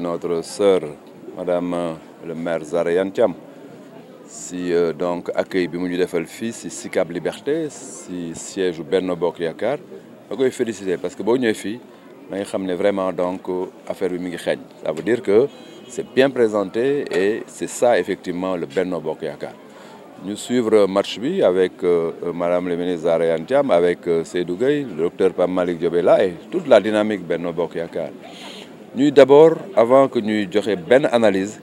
notre sœur, Madame euh, le maire Zahra Iyane Thiam si euh, donc accueil bi mu ñu defal fii si Sicap Liberté si siège Benno Bokk Yaakaar da koy féliciter parce que boo ñëwee fii da nga xam ne vraiment donc euh, affaire bi mi ngi xeeñ ça veut que c'est bien présenté et c'est ça effectivement le Benno Bokk Yaakaar ñu suivre match bi avec euh, madame le ministre Zahra Iyane avec euh, Seydou Gueye le docteur Pape Malick Diop est là et toute la dynamique Benno Bokk Yaakaar ñuy d'abord avant que ñuy joxe benn analyse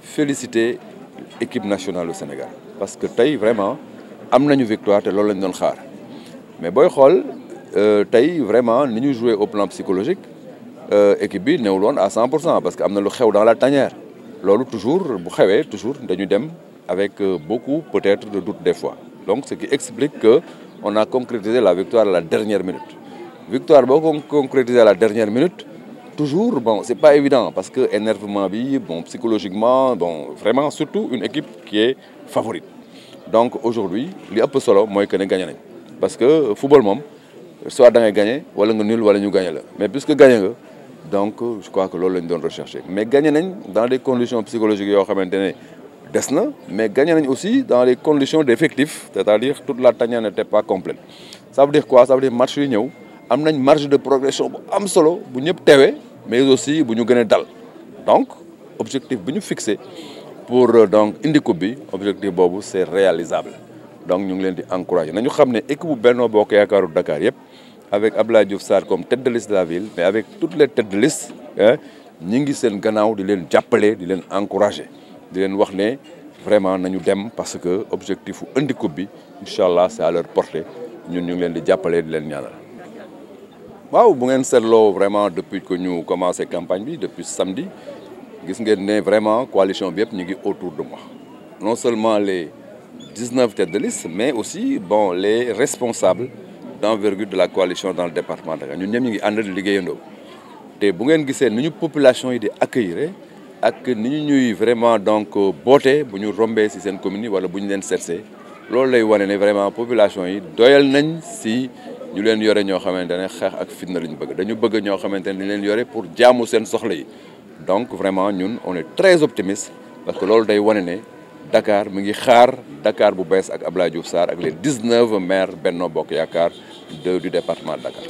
féliciter équipe nationale du Sénégal parce que tey vraiment am nañu victoire te lool lañ doon xaar mais booy xool euh, tey vraiment ni ñu jouer au plan psychologique euh, équipe bi newul woon à 100 pour cent parce que am na lu xew dans la tanière loolu toujours bu xewee toujours dañu dem avec euh, beaucoup peut-être de doute des fois donc ce qui explique que on a concrétisé la victoire à la dernière minute victoire boo ko concrétisé à la dernière minute toujours bon c'est pas évident parce que énervement bi bon psychologiquement bon vraiment surtout une équipe qui est favorite donc aujourd'hui li ëpp solo mooy que ne gagné nañ parce que football moom soit da ngay gagné wala nga nul wala ñu gagné la mais puisque gagné nga donc je crois que loolu lañu doon recherché mais gagné nañ dans des conditions psychologiques yoo xamante ne des na mais gagné nañ aussi dans les conditions d'effectif c'est-à-dire toute la tanière n'était pas complète ça veut dire yi ñëw am nañu marge de progression bu am solo bu ñëpp teewee mais aussi bu ñu gën a dal donc objectif bu ñu fixé pour euh, donc indi coupe bi objectif boobu c'est réalisable donc ñu ngi leen di encourager nañu xam ne équipe bu Benno Bokk Yaakaaru Dakar yëpp avec Abdoulaye Diouf comme tête de liste de la ville mais avec toutes les têtes de ñi ngi seen gannaaw di leen jàppale di leen encourager di leen wax ne vraiment nañu dem parce que objectif fu indi coupe bi incha allah c'est à ñun ñu ngi leen di jàppale di leen ñaanal. waaw bu ngeen seetloo vraiment depuis que ñu commencé campagne bi depuis samedi gis ngeen ne vraiment coalition bi yëpp ñu ngi autour de moi non seulement les dix-neuf têtes de liste mais aussi bon les responsables d'envergure de la coalition dans le département de ñun ñëpp ñu ngi ànd di liggéeyandoo te bu ngeen gisee nu ñu population yi di accueillir ak ni ñu ñuy vraiment donc euh, boote bu ñu rombee si seen commune yi wala bu ñu leen seetsee loolu lay wane ne vraiment population yi doyal nañ ci ñu leen yore ñoo xamante ne xeex ak fitna la ñu bëgg dañu bëgg ñoo xamante ne dañu leen yore pour jaamu seen soxla yi donc vraiment ñun on est très optimiste parce que loolu day wane ne dakaar mi ngi xaar dakaar bu bees ak Abdoulaye Diouf saar ak les 19 maires Benno Bokk Yaakaar de du département de Dakar.